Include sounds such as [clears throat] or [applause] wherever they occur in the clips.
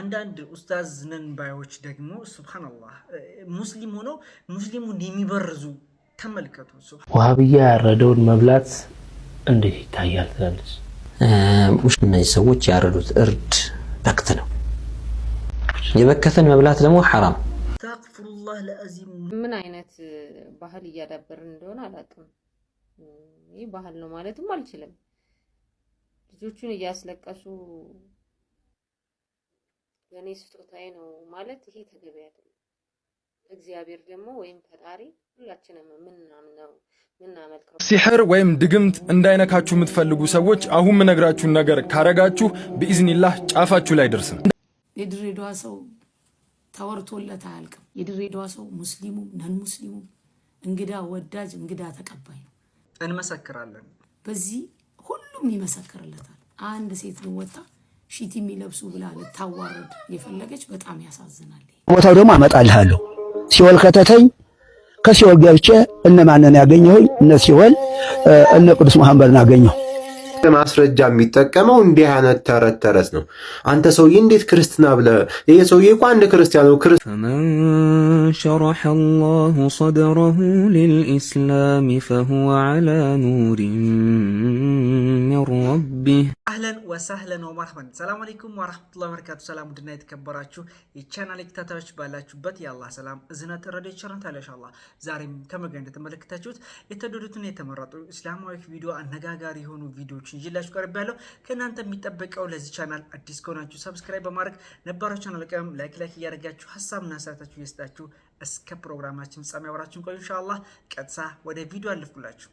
አንዳንድ ኡስታዝ ነን ባዮች ደግሞ ሱብሃነላህ ሙስሊም ሆነው ሙስሊሙን የሚበርዙ ተመልከቱ። ውሃብያ ያረደውን መብላት እንዴት ይታያል ትላለች። እነዚህ ሰዎች ያረዱት እርድ በክት ነው። የበከተን መብላት ደግሞ ሐራም። አስተግፊሩላህ ለአዚም። ምን አይነት ባህል እያዳበርን እንደሆነ አላውቅም። ይህ ባህል ነው ማለትም አልችልም። ልጆቹን እያስለቀሱ ለእኔ ስጦታዬ ነው ማለት ይሄ ተገቢ አይደለም። እግዚአብሔር ደግሞ ወይም ፈጣሪ ሁላችንም ምናምነው ምናመልከው ሲሕር ወይም ድግምት እንዳይነካችሁ የምትፈልጉ ሰዎች አሁን ምነግራችሁን ነገር ካረጋችሁ ብኢዝኒላህ ጫፋችሁ ላይ ደርስም። የድሬዳዋ ሰው ተወርቶለት አያልቅም። የድሬዳዋ ሰው ሙስሊሙም ነን ሙስሊሙም እንግዳ ወዳጅ እንግዳ ተቀባይ ነው። እንመሰክራለን። በዚህ ሁሉም ይመሰክርለታል። አንድ ሴት ልወጣ ሺቲ የሚለብሱ ብላ ልታዋርድ የፈለገች በጣም ያሳዝናል። ቦታው ደግሞ አመጣልሃለሁ። ሲወል ከተተኝ ከሲወል ገብቼ እነማንን ያገኘሁኝ? እነ ሲወል እነ ቅዱስ መሐመድን አገኘሁ። ማስረጃ የሚጠቀመው እንዲህ አይነት ተረት ተረት ነው። አንተ ሰውዬ እንዴት ክርስትና ብለ ይሄ ሰውዬ እኮ አንድ ክርስቲያን ነው። ፈመን ሸረሐ አላሁ ሰድረሁ ሊልኢስላም ፈሁወ ዐላ ኑሪን ሚን ረቢህ። አህለን ወሳህለን ወመርሐበን። ሰላም አለይኩም ወረሕመቱላሂ ወበረካቱ። ሰላም ውድና የተከበራችሁ የቻናል ተከታታዮች ባላችሁበት የአላህ ሰላም እዝነት ረዶ ይቸረንታል። ኢንሻአላህ ዛሬም ከመጋ እንደተመለከታችሁት የተወደዱትን የተመረጡ እስላማዊ ቪዲዮ አነጋጋሪ የሆኑ ቪዲዮዎች ይዤላችሁ ቀርብ ያለው ከእናንተ የሚጠበቀው ለዚህ ቻናል አዲስ ከሆናችሁ ሰብስክራይብ በማድረግ ነባሮች ቻናል ቀም ላይክ ላይክ እያደረጋችሁ ሀሳብና አስተያየታችሁ እየሰጣችሁ እስከ ፕሮግራማችን ፍጻሜ አብራችሁን ቆዩ። ኢንሻአላህ ቀጥታ ወደ ቪዲዮ አለፍኩላችሁ።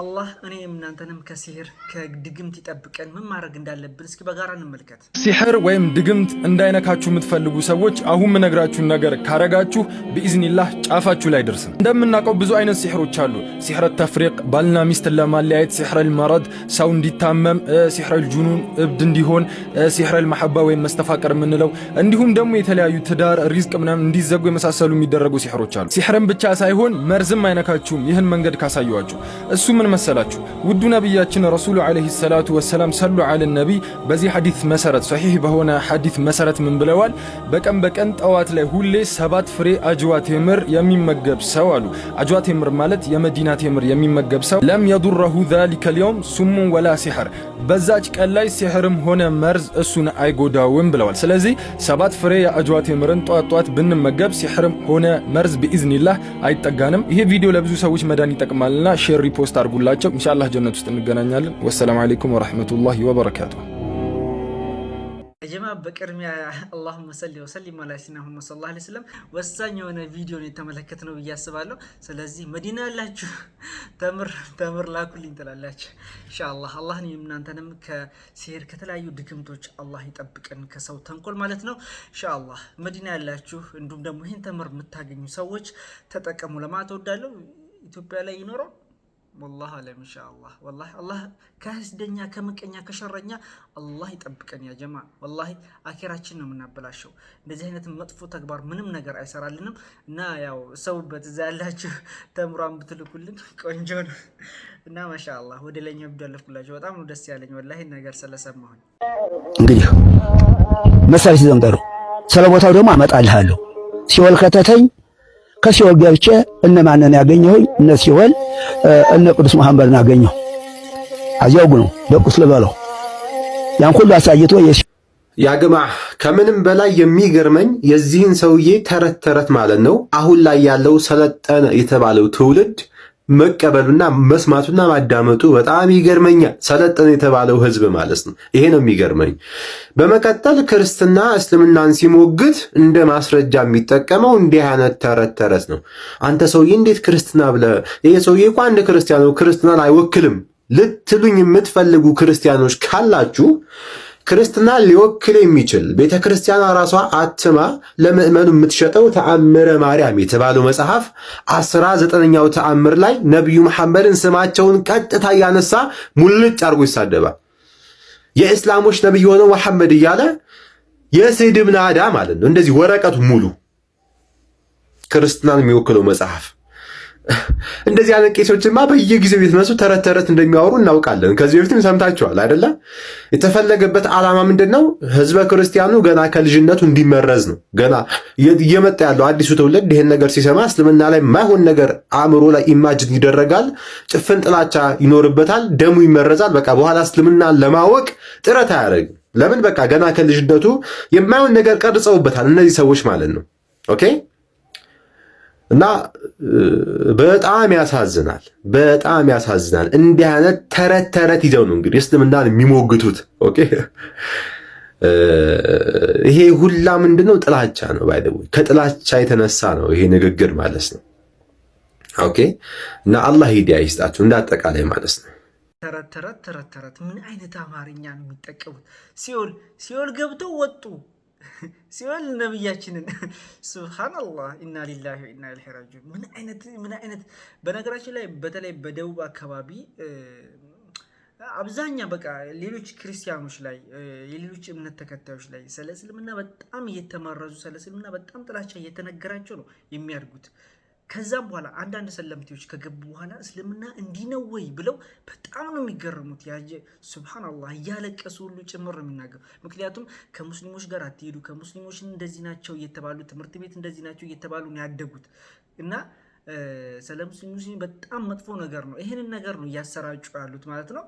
አላህ እኔም እናንተንም ከሲህር ከድግምት ይጠብቀን። ምን ማድረግ እንዳለብን እስኪ በጋራ እንመልከት። ሲህር ወይም ድግምት እንዳይነካችሁ የምትፈልጉ ሰዎች አሁን ምነግራችሁን ነገር ካረጋችሁ ብኢዝኒላህ ጫፋችሁ ላይ ደርስም። እንደምናውቀው ብዙ አይነት ሲሕሮች አሉ። ሲሕረ ተፍሪቅ ባልና ሚስትን ለማለያየት፣ ሲሕረል መረድ ሰው እንዲታመም፣ ሲሕረል ጁኑን እብድ እንዲሆን፣ ሲሕረል መሐባ ወይም መስተፋቀር የምንለው እንዲሁም ደግሞ የተለያዩ ትዳር፣ ሪዝቅ ምናምን እንዲዘጉ የመሳሰሉ የሚደረጉ ሲሕሮች አሉ። ሲሕርን ብቻ ሳይሆን መርዝም አይነካችሁም። ይህን መንገድ ካሳየዋችሁ እሱ ምን መሰላችሁ ውዱ ነቢያችን ረሱሉ ዓለይሂ ሰላቱ ወሰላም ሰሉ አለ ነቢ በዚህ ሐዲት መሰረት ሰሒህ በሆነ ሐዲት መሰረት ምን ብለዋል? በቀን በቀን ጠዋት ላይ ሁሌ ሰባት ፍሬ አጅዋ ቴምር የሚመገብ ሰው አሉ። አጅዋ ቴምር ማለት የመዲና ቴምር የሚመገብ ሰው ለም የዱረሁ ዛሊከ ልየውም ሱሙን ወላ ሲሕር፣ በዛች ቀን ላይ ሲሕርም ሆነ መርዝ እሱን አይጎዳውም ብለዋል። ስለዚህ ሰባት ፍሬ የአጅዋ ቴምርን ጠዋት ጠዋት ብንመገብ ሲሕርም ሆነ መርዝ ብኢዝኒላህ አይጠጋንም። ይሄ ቪዲዮ ለብዙ ሰዎች መዳን ይጠቅማልና ሼር ሪፖስት አድርጉላቸው። ኢንሻአላህ ጀነት ውስጥ እንገናኛለን። ወሰላም አለይኩም ወራህመቱላሂ ወበረካቱ። ጀማ በቅድሚያ አላሁመ ሰሊ ወሰሊም አላ ሲና ሙሐመድ ሰለላሁ ዐለይሂ ወሰለም ወሳኝ የሆነ ቪዲዮ ነው የተመለከትነው ብዬ አስባለሁ። ስለዚህ መዲና ያላችሁ ተምር ተምር ላኩልኝ ትላላችሁ ኢንሻአላህ። አላህን እናንተንም ከሲሄድ ከተለያዩ ድግምቶች አላህ ይጠብቀን፣ ከሰው ተንኮል ማለት ነው ኢንሻአላህ። መዲና ያላችሁ እንዲሁም ደግሞ ይህን ተምር የምታገኙ ሰዎች ተጠቀሙ ለማለት እወዳለሁ። ኢትዮጵያ ላይ ይኖረው ወላሂ አለም ኢንሻአላህ ወላሂ አላህ ከህስደኛ ከምቀኛ ከሸረኛ አላህ ይጠብቀን። ያ ጀማ ወላሂ አኪራችን ነው የምናበላሸው። እንደዚህ አይነት መጥፎ ተግባር ምንም ነገር አይሰራልንም እና ያው ሰው በትዛ ያላችሁ [laughs] ተምሯን ብትልኩልን ቆንጆ ነው እና ማሻአላህ ወደ ለኛ ብዳለፍኩላችሁ በጣም ነው ደስ ያለኝ ወላሂ ነገር ስለሰማሁኝ። እንግዲህ መሳሪያ ይዘን ቀሩ። ስለ ቦታው ደግሞ አመጣልሃለሁ። ሲወል ከተተኝ ከሲወል ገብቼ እነማንን ያገኘሁኝ እነ ሲወል እነ ቅዱስ መሐመድን አገኘው። አዚያው ነው ደቁስ ልበለው ያን ሁሉ አሳይቶ ያግማ ከምንም በላይ የሚገርመኝ የዚህን ሰውዬ ተረት ተረት ማለት ነው። አሁን ላይ ያለው ሰለጠነ የተባለው ትውልድ መቀበሉና መስማቱና ማዳመጡ በጣም ይገርመኛል። ሰለጠነ የተባለው ህዝብ ማለት ነው። ይሄ ነው የሚገርመኝ። በመቀጠል ክርስትና እስልምናን ሲሞግት እንደ ማስረጃ የሚጠቀመው እንዲህ አይነት ተረት ተረት ነው። አንተ ሰውዬ እንዴት ክርስትና ብለ ይሄ ሰውዬ እኮ አንድ ክርስቲያን ነው ክርስትናን አይወክልም ልትሉኝ የምትፈልጉ ክርስቲያኖች ካላችሁ ክርስትና ሊወክል የሚችል ቤተ ክርስቲያኗ ራሷ አትማ ለምዕመኑ የምትሸጠው ተአምረ ማርያም የተባለው መጽሐፍ አስራ ዘጠነኛው ተአምር ላይ ነቢዩ መሐመድን ስማቸውን ቀጥታ እያነሳ ሙልጭ አድርጎ ይሳደባል። የእስላሞች ነቢይ የሆነው መሐመድ እያለ የስድብ ናዳ ማለት ነው። እንደዚህ ወረቀቱ ሙሉ ክርስትናን የሚወክለው መጽሐፍ እንደዚህ አይነት ቄሶችማ በየጊዜው የተነሱ ተረት ተረት እንደሚያወሩ እናውቃለን። ከዚህ በፊትም ሰምታችኋል አይደለ? የተፈለገበት ዓላማ ምንድን ነው? ህዝበ ክርስቲያኑ ገና ከልጅነቱ እንዲመረዝ ነው። ገና እየመጣ ያለው አዲሱ ትውልድ ይህን ነገር ሲሰማ እስልምና ላይ ማይሆን ነገር አእምሮ ላይ ኢማጅን ይደረጋል፣ ጭፍን ጥላቻ ይኖርበታል፣ ደሙ ይመረዛል። በቃ በኋላ እስልምና ለማወቅ ጥረት አያደርግም። ለምን? በቃ ገና ከልጅነቱ የማይሆን ነገር ቀርጸውበታል እነዚህ ሰዎች ማለት ነው። ኦኬ እና በጣም ያሳዝናል፣ በጣም ያሳዝናል። እንዲህ አይነት ተረት ተረት ይዘው ነው እንግዲህ እስልምናን የሚሞግቱት። ኦኬ ይሄ ሁላ ምንድነው? ጥላቻ ነው። ወይ ከጥላቻ የተነሳ ነው ይሄ ንግግር ማለት ነው። ኦኬ እና አላህ ሂዳያ ይስጣችሁ እንዳጠቃላይ ማለት ነው። ተረት ተረት ተረት ተረት ምን አይነት አማርኛ ነው የሚጠቀሙት? ሲኦል ሲኦል ገብተው ወጡ ሲኦል ነብያችንን ሱብሃነላህ ኢና ሊላሂ ወኢና ኢለይሂ ራጂዑን። ምን አይነት ምን አይነት በነገራችን ላይ በተለይ በደቡብ አካባቢ አብዛኛ በቃ ሌሎች ክርስቲያኖች ላይ የሌሎች እምነት ተከታዮች ላይ ስለ እስልምና በጣም እየተማረዙ ስለ እስልምና በጣም ጥላቻ እየተነገራቸው ነው የሚያድጉት። ከዛም በኋላ አንዳንድ ሰለምቴዎች ከገቡ በኋላ እስልምና እንዲነወይ ነው ወይ ብለው በጣም ነው የሚገረሙት። ያ ሱብሃነላህ እያለቀሱ ሁሉ ጭምር ነው የሚናገሩ። ምክንያቱም ከሙስሊሞች ጋር አትሄዱ፣ ከሙስሊሞች እንደዚህ ናቸው እየተባሉ ትምህርት ቤት እንደዚህ ናቸው እየተባሉ ነው ያደጉት እና ስለ ሙስሊም በጣም መጥፎ ነገር ነው። ይህንን ነገር ነው እያሰራጩ ያሉት ማለት ነው።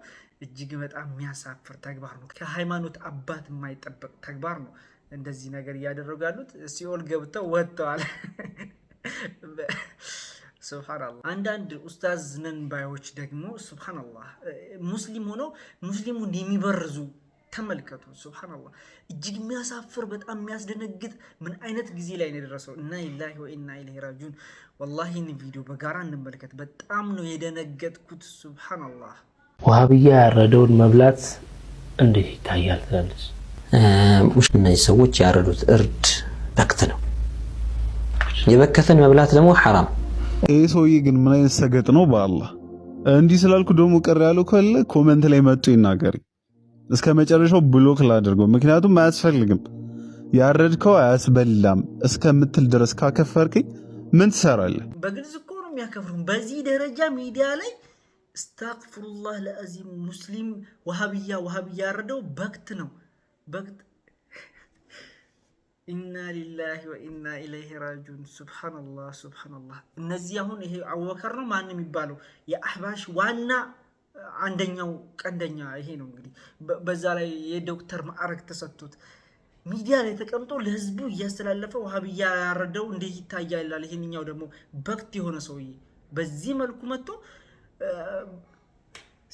እጅግ በጣም የሚያሳፍር ተግባር ነው። ከሃይማኖት አባት የማይጠበቅ ተግባር ነው። እንደዚህ ነገር እያደረጉ ያሉት ሲኦል ገብተው ወጥተዋል። [laughs] ስብሓንላ [laughs] አንዳንድ ኡስታዝ ነን ባዮች ደግሞ ስብሓንላ ሙስሊም ሆነው ሙስሊሙን የሚበርዙ ተመልከቱ። ስብሓንላ እጅግ የሚያሳፍር በጣም የሚያስደነግጥ ምን አይነት ጊዜ ላይ ነው የደረሰው? እና ሊላሂ ወኢና ኢለይሂ ራጂዑን። ወላሂ ቪዲዮ በጋራ እንመልከት። በጣም ነው የደነገጥኩት። ስብሓንላ ውሃብያ ያረደውን መብላት እንዴት ይታያል ትላለች። እነዚህ ሰዎች ያረዱት እርድ በክት ነው የበከተን መብላት ደግሞ ሐራም። ይህ ሰውዬ ግን ምን አይነት ሰገጥ ነው? በአላህ እንዲህ ስላልኩ ደግሞ ቅር ያለው ካለ ኮመንት ላይ መጡ ይናገር። እስከ መጨረሻው ብሎክ ላድርገው፣ ምክንያቱም አያስፈልግም። ያረድከው አያስበላም እስከምትል ድረስ ካከፈርክኝ ምን ትሰራለህ? በግልጽ እኮ ነው የሚያከፍሩም። በዚህ ደረጃ ሚዲያ ላይ አስታግፍሩላህ ለአዚም ሙስሊም ወሃብያ ወሃብያ ያረደው በክት ነው በክት ኢና ሊላሂ ወኢና ኢለይሂ ራጁን። ሱብሃነላህ ሱብሃነላህ። እነዚህ አሁን ይሄ አቡበከር ነው ማን የሚባለው የአህባሽ ዋና አንደኛው ቀንደኛ ይሄ ነው። እንግዲህ በዛ ላይ የዶክተር ማዕረግ ተሰጥቶት ሚዲያ ላይ ተቀምጦ ለህዝቡ እያስተላለፈ ውሃብያ ያረደው እንዴት ይታያል ይሄንኛው ደግሞ በክት የሆነ ሰውዬ በዚህ መልኩ መጥቶ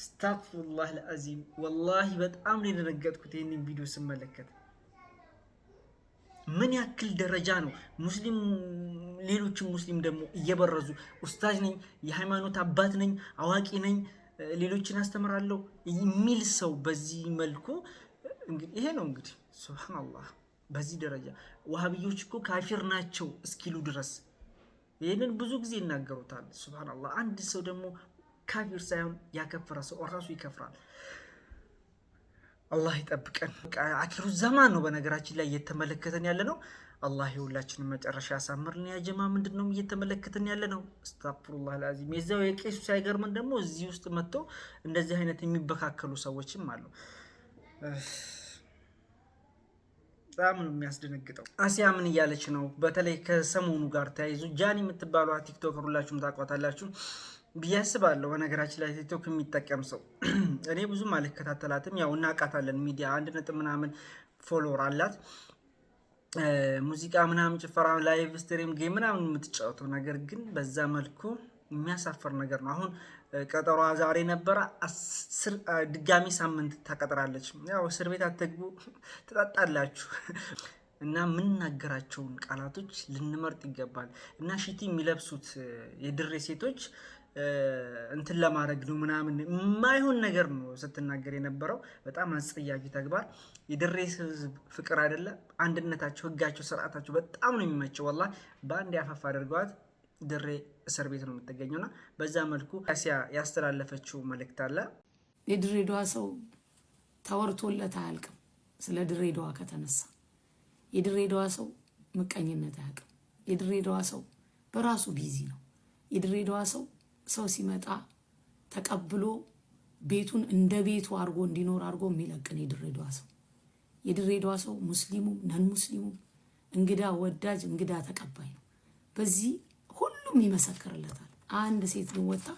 አስታግፊሩላህ አልዓዚም። ወላሂ በጣም ነው የደነገጥኩት ይህንን ቪዲዮ ስመለከት። ምን ያክል ደረጃ ነው ሙስሊም ሌሎችም ሙስሊም ደግሞ እየበረዙ ኡስታዝ ነኝ፣ የሃይማኖት አባት ነኝ፣ አዋቂ ነኝ፣ ሌሎችን አስተምራለሁ የሚል ሰው በዚህ መልኩ ይሄ ነው እንግዲህ ሱብሃነላህ። በዚህ ደረጃ ዋሃብዮች እኮ ካፊር ናቸው እስኪሉ ድረስ ይህንን ብዙ ጊዜ ይናገሩታል። ሱብሃነላህ። አንድ ሰው ደግሞ ካፊር ሳይሆን ያከፈረ ሰው ራሱ ይከፍራል። አላህ ይጠብቀን። አኪሩ ዘማን ነው በነገራችን ላይ እየተመለከተን ያለ ነው። አላህ የሁላችንም መጨረሻ ያሳምርን። ያጀማ ምንድን ነው እየተመለከተን ያለ ነው? አስተግፍሩላህ አልዓዚም። የዚያው የቄሱ ሳይገርመን ደግሞ እዚህ ውስጥ መጥተው እንደዚህ አይነት የሚበካከሉ ሰዎችም አሉ። በጣም ነው የሚያስደነግጠው። አሲያ ምን እያለች ነው? በተለይ ከሰሞኑ ጋር ተያይዞ ጃኒ የምትባሏ ቲክቶከር ሁላችሁም ታውቋታላችሁ ብዬ አስባለሁ። በነገራችን ላይ ቲክቶክ የሚጠቀም ሰው [clears throat] እኔ ብዙም አልከታተላትም፣ ያው እናውቃታለን። ሚዲያ አንድ ነጥብ ምናምን ፎሎወር አላት። ሙዚቃ ምናምን፣ ጭፈራ፣ ላይቭ ስትሪም፣ ጌም ምናምን የምትጫወተው ነገር ግን በዛ መልኩ የሚያሳፍር ነገር ነው። አሁን ቀጠሯ ዛሬ ነበረ፣ ድጋሚ ሳምንት ታቀጥራለች። ያው እስር ቤት አትግቡ፣ ትጠጣላችሁ እና የምንናገራቸውን ቃላቶች ልንመርጥ ይገባል። እና ሽቲ የሚለብሱት የድሬ ሴቶች እንትን ለማድረግ ነው ምናምን የማይሆን ነገር ነው ስትናገር የነበረው። በጣም አስጸያፊ ተግባር። የድሬ ህዝብ ፍቅር አይደለ፣ አንድነታቸው፣ ህጋቸው፣ ስርዓታቸው በጣም ነው የሚመቸው። ወላ በአንድ ያፈፍ አድርገዋት ድሬ እስር ቤት ነው የምትገኘውና በዛ መልኩ አሲያ ያስተላለፈችው መልእክት አለ። የድሬዳዋ ሰው ተወርቶለት አያልቅም። ስለ ድሬዳዋ ከተነሳ የድሬዳዋ ሰው ምቀኝነት አያውቅም። የድሬዳዋ ሰው በራሱ ቢዚ ነው። የድሬዳዋ ሰው ሰው ሲመጣ ተቀብሎ ቤቱን እንደ ቤቱ አድርጎ እንዲኖር አድርጎ የሚለቅን የድሬዳዋ ሰው የድሬዳዋ ሰው ሙስሊሙም ነን ሙስሊሙም እንግዳ ወዳጅ እንግዳ ተቀባይ ነው። በዚህ ሁሉም ይመሰክርለታል። አንድ ሴት ልወጣ ወጣ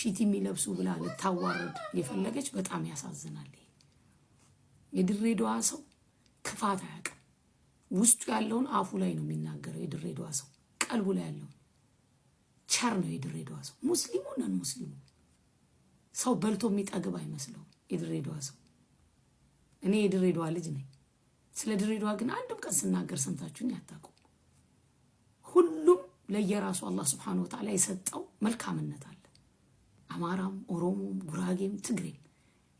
ሺቲ የሚለብሱ ብላ ልታዋርድ የፈለገች በጣም ያሳዝናል። ይሄ የድሬዳዋ ሰው ክፋት አያውቅም። ውስጡ ያለውን አፉ ላይ ነው የሚናገረው። የድሬዳዋ ሰው ቀልቡ ላይ ያለውን ቸር ነው የድሬዳዋ ሰው። ሙስሊሙ ነን ሙስሊሙ ሰው በልቶ የሚጠግብ አይመስለውም የድሬዳዋ ሰው። እኔ የድሬዳዋ ልጅ ነኝ። ስለ ድሬዳዋ ግን አንድም ቀን ስናገር ሰምታችሁን ያታቁ ሁሉም ለየራሱ አላህ ስብሓን ወተዓላ የሰጠው መልካምነት አለ። አማራም፣ ኦሮሞም፣ ጉራጌም፣ ትግሬም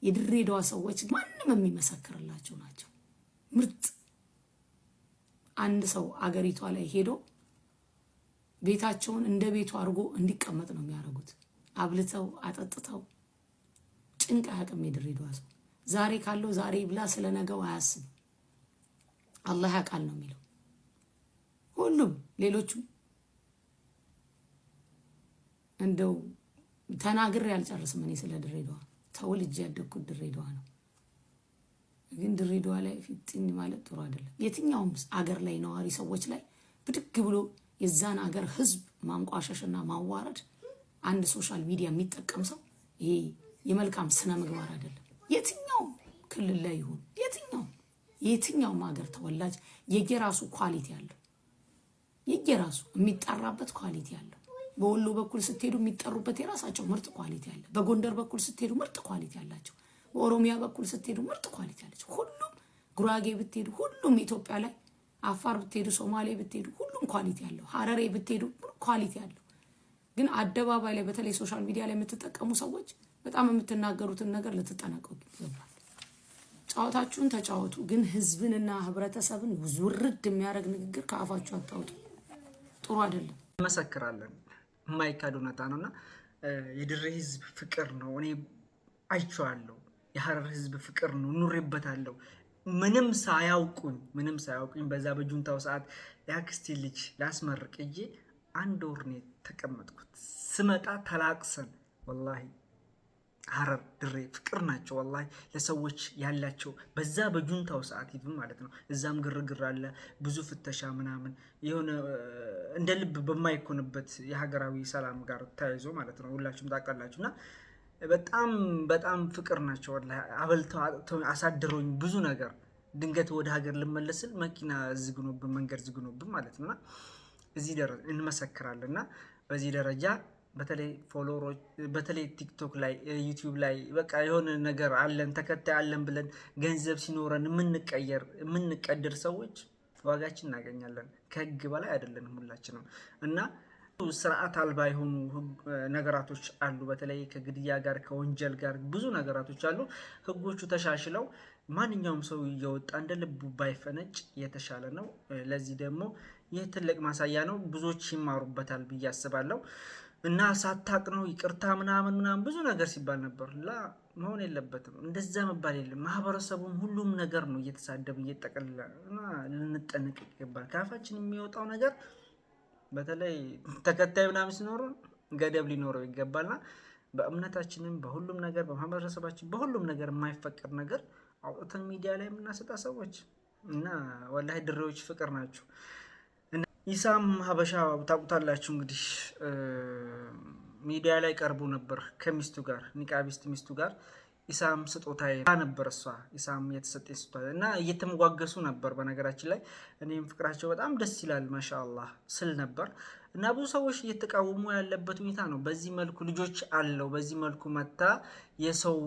የድሬዳዋ ሰዎች ማንም የሚመሰክርላቸው ናቸው። ምርጥ አንድ ሰው አገሪቷ ላይ ሄዶ ቤታቸውን እንደ ቤቱ አድርጎ እንዲቀመጥ ነው የሚያደርጉት። አብልተው አጠጥተው ጭንቅ አያውቅም የድሬዳዋ ሰው። ዛሬ ካለው ዛሬ ብላ ስለ ነገው አያስብ። አላህ ያውቃል ነው የሚለው። ሁሉም ሌሎቹም እንደው ተናግሬ አልጨርስም። እኔ ስለ ድሬዳዋ ተወልጄ ያደግኩት ድሬዳዋ ነው። ግን ድሬዳዋ ላይ ፊጥኝ ማለት ጥሩ አይደለም። የትኛውም አገር ላይ ነዋሪ ሰዎች ላይ ብድግ ብሎ የዛን አገር ህዝብ ማንቋሸሽና ማዋረድ አንድ ሶሻል ሚዲያ የሚጠቀም ሰው ይሄ የመልካም ስነ ምግባር አይደለም። የትኛው ክልል ላይ ይሁን የትኛው የትኛውም ሀገር ተወላጅ የየራሱ ኳሊቲ አለው። የየራሱ የሚጠራበት ኳሊቲ አለው። በወሎ በኩል ስትሄዱ የሚጠሩበት የራሳቸው ምርጥ ኳሊቲ አለ። በጎንደር በኩል ስትሄዱ ምርጥ ኳሊቲ አላቸው። በኦሮሚያ በኩል ስትሄዱ ምርጥ ኳሊቲ አላቸው። ሁሉም ጉራጌ ብትሄዱ፣ ሁሉም ኢትዮጵያ ላይ አፋር ብትሄዱ፣ ሶማሌ ብትሄዱ ኳሊቲ ያለው ሀረሬ ብትሄዱ ኳሊቲ ያለው ግን አደባባይ ላይ በተለይ ሶሻል ሚዲያ ላይ የምትጠቀሙ ሰዎች በጣም የምትናገሩትን ነገር ልትጠነቀቁ ይገባል። ጨዋታችሁን ተጫወቱ፣ ግን ህዝብንና ህብረተሰብን ውርድ የሚያደርግ ንግግር ከአፋችሁ አታውጡ። ጥሩ አይደለም። እንመሰክራለን። የማይካድ እውነታ ነው እና የድሬ ህዝብ ፍቅር ነው። እኔ አይቼዋለሁ። የሀረር ህዝብ ፍቅር ነው። ኑሬበታለሁ። ምንም ሳያውቁኝ ምንም ሳያውቁኝ በዛ በጁንታው ሰዓት የአክስቴ ልጅ ላስመርቅ አንድ ወር ነው የተቀመጥኩት። ስመጣ ተላቅሰን ወላሂ ሀረር ድሬ ፍቅር ናቸው። ወላሂ ለሰዎች ያላቸው በዛ በጁንታው ሰዓት ይብን ማለት ነው። እዛም ግርግር አለ፣ ብዙ ፍተሻ ምናምን የሆነ እንደ ልብ በማይኮንበት የሀገራዊ ሰላም ጋር ተያይዞ ማለት ነው። ሁላችሁም ታውቃላችሁ። እና በጣም በጣም ፍቅር ናቸው ወላሂ አበልተው አሳድረውኝ ብዙ ነገር ድንገት ወደ ሀገር ልመለስል መኪና ዝግኖብን መንገድ ዝግኖብን ማለት ነውና እዚህ ደረጃ እንመሰክራለን እና በዚህ ደረጃ በተለይ ፎሎወሮች በተለይ ቲክቶክ ላይ ዩቲዩብ ላይ በቃ የሆነ ነገር አለን ተከታይ አለን ብለን ገንዘብ ሲኖረን የምንቀየር የምንቀድር ሰዎች ዋጋችን እናገኛለን። ከህግ በላይ አይደለንም ሁላችንም እና ስርዓት አልባ የሆኑ ነገራቶች አሉ። በተለይ ከግድያ ጋር ከወንጀል ጋር ብዙ ነገራቶች አሉ። ህጎቹ ተሻሽለው ማንኛውም ሰው እየወጣ እንደ ልቡ ባይፈነጭ የተሻለ ነው። ለዚህ ደግሞ ይህ ትልቅ ማሳያ ነው። ብዙዎች ይማሩበታል ብዬ አስባለሁ። እና ሳታቅ ነው ይቅርታ ምናምን ምናምን ብዙ ነገር ሲባል ነበር። ላ መሆን የለበትም እንደዛ መባል የለም። ማህበረሰቡም ሁሉም ነገር ነው እየተሳደብ እየጠቀልላ እና ልንጠነቅ ይገባል። ካፋችን የሚወጣው ነገር በተለይ ተከታይ ምናምን ሲኖሩ ገደብ ሊኖረው ይገባልና በእምነታችንም በሁሉም ነገር በማህበረሰባችን በሁሉም ነገር የማይፈቀድ ነገር አውጥተን ሚዲያ ላይ የምናሰጣ ሰዎች እና ወላሂ ድሬዎች ፍቅር ናችሁ። ኢሳም ሀበሻ ታውቁታላችሁ እንግዲህ ሚዲያ ላይ ቀርቦ ነበር ከሚስቱ ጋር ኒቃቢስት ሚስቱ ጋር ኢሳም ስጦታ ነበር እሷ ኢሳም የተሰጠ ስጦታ እና እየተመጓገሱ ነበር። በነገራችን ላይ እኔም ፍቅራቸው በጣም ደስ ይላል ማሻአላህ ስል ነበር እና ብዙ ሰዎች እየተቃወሙ ያለበት ሁኔታ ነው። በዚህ መልኩ ልጆች አለው በዚህ መልኩ መታ የሰው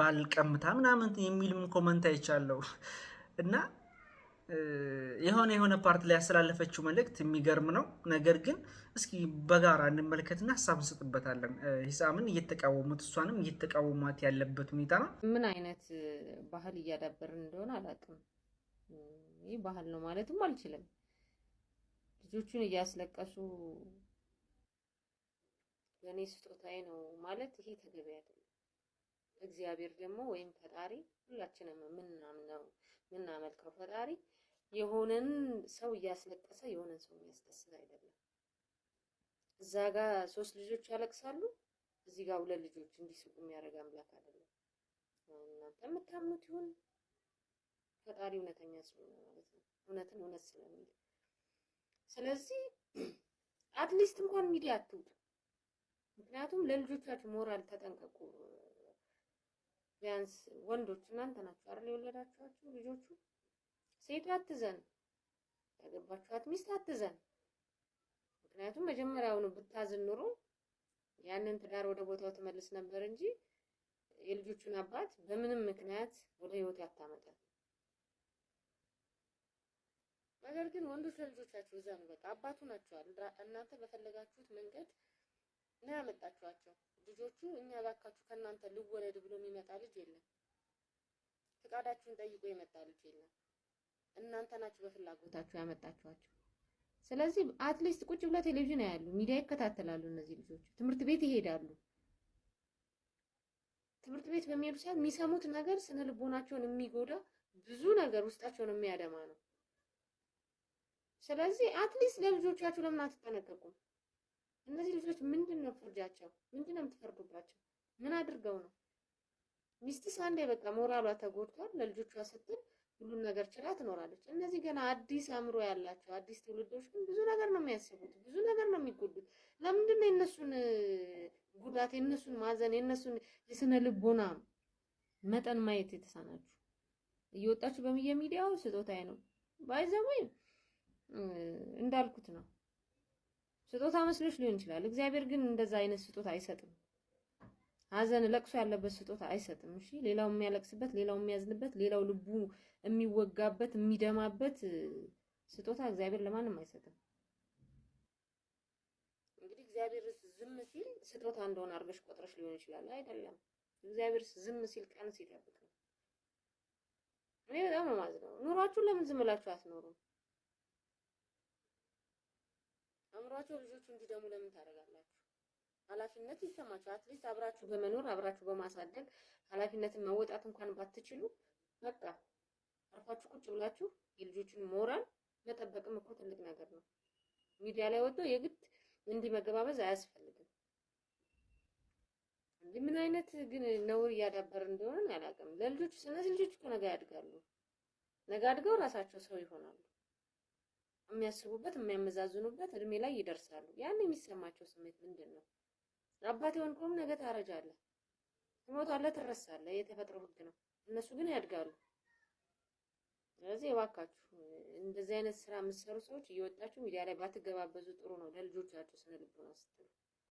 ባል ቀምታ ምናምን የሚልም ኮመንት አይቻለሁ እና የሆነ የሆነ ፓርት ላይ ያስተላለፈችው መልእክት የሚገርም ነው። ነገር ግን እስኪ በጋራ እንመልከትና ሀሳብ እንሰጥበታለን። ሂሳምን እየተቃወሙት እሷንም እየተቃወሟት ያለበት ሁኔታ ነው። ምን አይነት ባህል እያዳበርን እንደሆነ አላውቅም። ይህ ባህል ነው ማለትም አልችልም። ልጆቹን እያስለቀሱ የእኔ ስጦታዬ ነው ማለት ይሄ ተገቢ አይደለም። እግዚአብሔር ደግሞ ወይም ፈጣሪ ሁላችንም ምናምነው ምናመልከው ፈጣሪ የሆነን ሰው እያስለቀሰ የሆነን ሰው የሚያስደስት አይደለም። እዛ ጋር ሶስት ልጆች ያለቅሳሉ፣ እዚህ ጋር ሁለት ልጆች እንዲስቁ የሚያደርግ አምላክ አይደለም። እናንተ የምታምኑት ይሁን ፈጣሪ እውነተኛ ስለሆነ ማለት ነው። እውነትን እውነት ስለሚል ስለዚህ አትሊስት እንኳን ሚዲያ አትውጡ። ምክንያቱም ለልጆቻችሁ ሞራል ተጠንቀቁ። ቢያንስ ወንዶች እናንተ ናችሁ አይደል የወለዳችኋቸው ልጆቹ ሴቱ አትዘን፣ ያገባችኋት ሚስት አትዘን። ምክንያቱም መጀመሪያውኑ ብታዝን ኑሮ ያንን ትዳር ወደ ቦታው ትመልስ ነበር እንጂ የልጆቹን አባት በምንም ምክንያት ወደ ህይወት ያታመጣል። ነገር ግን ወንዶች ለልጆቻችሁ እዛ ነው፣ በቃ አባቱ ናቸዋል። እናንተ በፈለጋችሁት መንገድ ነው ያመጣችኋቸው። ልጆቹ እኛ ባካችሁ ከእናንተ ልወለድ ብሎ የሚመጣ ልጅ የለም። ፍቃዳችሁን ጠይቆ የመጣ ልጅ የለም። እናንተ ናችሁ በፍላጎታችሁ ያመጣችኋቸው። ስለዚህ አትሊስት ቁጭ ብለ ቴሌቪዥን ያያሉ፣ ሚዲያ ይከታተላሉ። እነዚህ ልጆች ትምህርት ቤት ይሄዳሉ። ትምህርት ቤት በሚሄዱ ሰዓት የሚሰሙት ነገር ስነ ልቦናቸውን የሚጎዳ ብዙ ነገር ውስጣቸውን የሚያደማ ነው። ስለዚህ አትሊስት ለልጆቻችሁ ለምን አትጠነቀቁም? እነዚህ ልጆች ምንድን ነው ፍርጃቸው? ምንድን ነው የምትፈርዱባቸው? ምን አድርገው ነው? ሚስትስ አንዴ በቃ ሞራሏ ተጎድቷል ለልጆቿ ስትል ሁሉም ነገር ችላ ትኖራለች። እነዚህ ገና አዲስ አእምሮ ያላቸው አዲስ ትውልዶች ግን ብዙ ነገር ነው የሚያስቡት፣ ብዙ ነገር ነው የሚጎዱት። ለምንድን ነው የእነሱን ጉዳት የእነሱን ማዘን የእነሱን የስነ ልቦና መጠን ማየት የተሳናችሁ? እየወጣችሁ ሚዲያው ስጦታዬ ነው ባይዘሙ እንዳልኩት ነው ስጦታ መስሎች ሊሆን ይችላል። እግዚአብሔር ግን እንደዛ አይነት ስጦታ አይሰጥም። ሐዘን ለቅሶ ያለበት ስጦታ አይሰጥም። እሺ ሌላው የሚያለቅስበት፣ ሌላው የሚያዝንበት፣ ሌላው ልቡ የሚወጋበት የሚደማበት ስጦታ እግዚአብሔር ለማንም አይሰጥም። እንግዲህ እግዚአብሔር ዝም ሲል ስጦታ እንደሆነ አድርገሽ ቆጥረሽ ሊሆን ይችላል። አይደለም። እግዚአብሔር ዝም ሲል ቀን ሲጠብቅ ነው። እኔ በጣም ነው የማዝነው። ኑሯችሁን ለምን ዝም ብላችሁ አትኖሩም? አእምሯቸው ልጆቹ እንዲደሙ ለምን ታደርጋላችሁ? ኃላፊነት ይሰማችሁ። አትሊስት አብራችሁ በመኖር አብራችሁ በማሳደግ ኃላፊነትን መወጣት እንኳን ባትችሉ በቃ አርፋችሁ ቁጭ ብላችሁ የልጆችን ሞራል መጠበቅም እኮ ትልቅ ነገር ነው። ሚዲያ ላይ ወጥቶ የግድ እንዲህ መገባበዝ አያስፈልግም። እንዲህ ምን አይነት ግን ነውር እያዳበር እንደሆነ አላውቅም። ለልጆች ስነስ ልጆች እኮ ነገ ያድጋሉ። ነገ አድገው ራሳቸው ሰው ይሆናሉ። የሚያስቡበት የሚያመዛዝኑበት እድሜ ላይ ይደርሳሉ። ያን የሚሰማቸው ስሜት ምንድን ነው? አባት የሆንኩም ነገ ታረጃለህ፣ ትሞታለህ፣ ትረሳለህ። የተፈጥሮ ህግ ነው። እነሱ ግን ያድጋሉ። ስለዚህ እባካችሁ እንደዚህ አይነት ስራ የምትሰሩ ሰዎች እየወጣችሁ ሚዲያ ላይ ባትገባበዙ ጥሩ ነው፣ ለልጆቻችሁ ስነ ልቦና ስትሉ